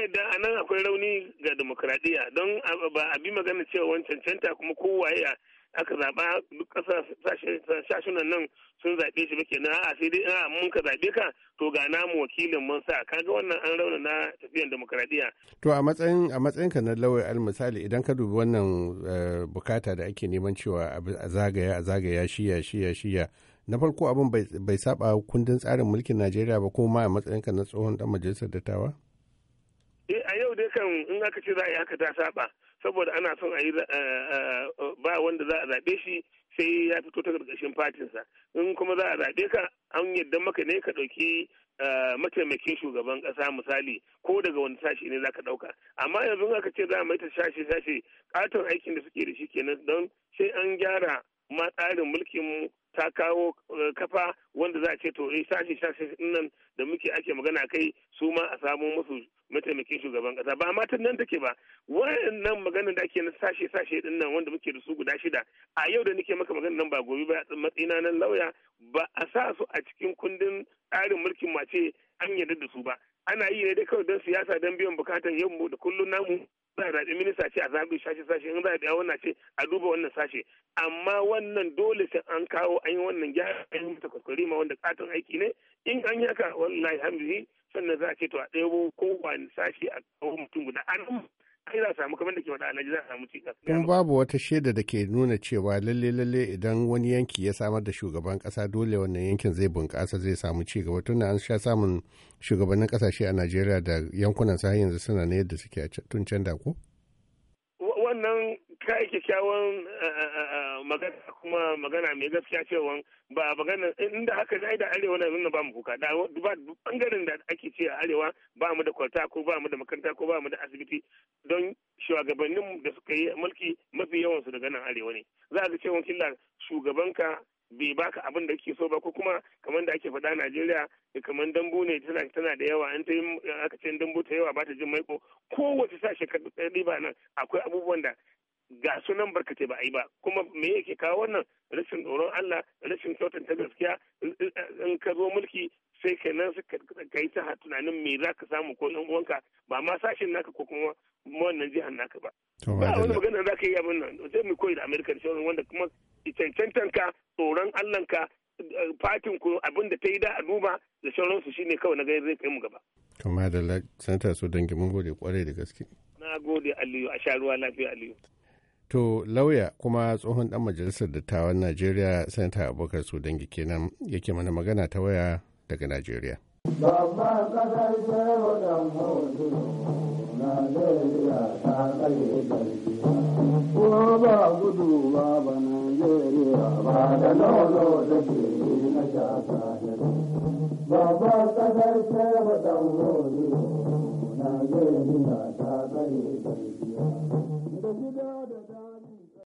yadda a nan akwai rauni ga demokradiyya don ba a bi magana cewa wani cancanta kuma kowaye aka zaɓa duk ƙasa sashunan nan sun zaɓe shi muke na a sai dai a mun ka zaɓe ka to ga namu wakilin mun sa kaga wannan an rauna na tafiyan demokradiyya. To a matsayin a matsayin ka na lawai al misali idan ka dubi wannan eh, bukata da ake neman cewa a zagaya a zagaya shiya shiya shiya na farko abin bai saba kundin tsarin mulkin Najeriya ba kuma a matsayin ka na tsohon dan majalisar dattawa. kan in aka ce za a yi haka ta saba saboda ana son a yi eh, eh, eh, ba wanda za a zaɓe shi sai ya fito ta ƙarƙashin fatinsa in kuma za a zaɓe ka an yadda maka ne ka ɗauki mataimakin shugaban ƙasa misali ko daga wani sashi ne za ka ɗauka amma yanzu in aka ce za a maita sashe sashe ƙaton aikin da suke da shi kenan don sai an gyara ma tsarin mulkin mu ta kawo kafa yadda za a ce to eh sashi sashi nan da muke ake magana kai su ma a samu musu mataimakin shugaban kasa ba ma nan take ba wayannan maganar da ake na sashe sashe din nan wanda muke da su guda shida a yau da nake maka maganar nan ba gobe ba matsayina nan lauya ba a sa su a cikin kundin tsarin mulkin mace an yarda da su ba ana yi ne dai kawai don siyasa don biyan bukatan yau da kullum namu za a zaɓi minista ce a zaɓi sashe sashe in za a biya wannan ce a duba wannan sashe amma wannan dole sai an kawo an yi wannan gyara an yi mata kwakwari ma wanda katon aiki ne in an yi haka wallahi hamdi sannan za a ce to a ɗaya ko wani sashe a kawo mutum guda an kai za a samu kamar da ke wada alhaji za a samu cikas. kuma babu wata shaida da ke nuna cewa lalle lalle idan wani yanki ya samar da shugaban kasa dole wannan yankin zai bunkasa zai samu ci gaba tunda an sha samun shugabannin kasashe a najeriya da yankunan sa yanzu suna na yadda suke tun can da ko. wannan ka yi kyakkyawan eh, eh, eh, magana kuma magana mai gaskiya cewa ba magana inda haka zai da arewa na nuna ba mu kuka da ba bangaren da ake ce a arewa ba mu da kwalta ko ba mu da makaranta ko ba mu da asibiti don shugabannin da suka yi mulki mafi yawan su daga nan arewa ne za ga cewa killa shugabanka bai baka abin da kake so ba ko kuma kamar da ake faɗa Najeriya kamar dambu ne tana tana da yawa an tayi aka ce dambu ta yawa ba ta jin maiko kowace sashe ka ɗiba nan akwai abubuwan da ga sunan barkatai ba a yi ba kuma me yake kawo wannan rashin tsoron Allah rashin ta gaskiya in ka zo mulki sai kenan ka yi ta tunanin me za ka samu ko ɗan uwanka ba ma sashin naka ko kuma wannan jihar naka ba. Ba wani magana za ka yi abin nan sai mu koyi da Amerika da shawarar wanda kuma cancantan ka tsoron Allah ka fatin ku abin da ta yi da a duba da sauransu shine kawai na gani zai kai mu gaba. Kama da Sanata so dangi mun gode kwarai da gaske. Na gode Aliyu a sha ruwa lafiya Aliyu. To lauya kuma tsohon dan majalisar dattawan Najeriya Sanata Abubakar Sudangi kenan yake mana magana ta waya daga Najeriya. ba gudu ba consider that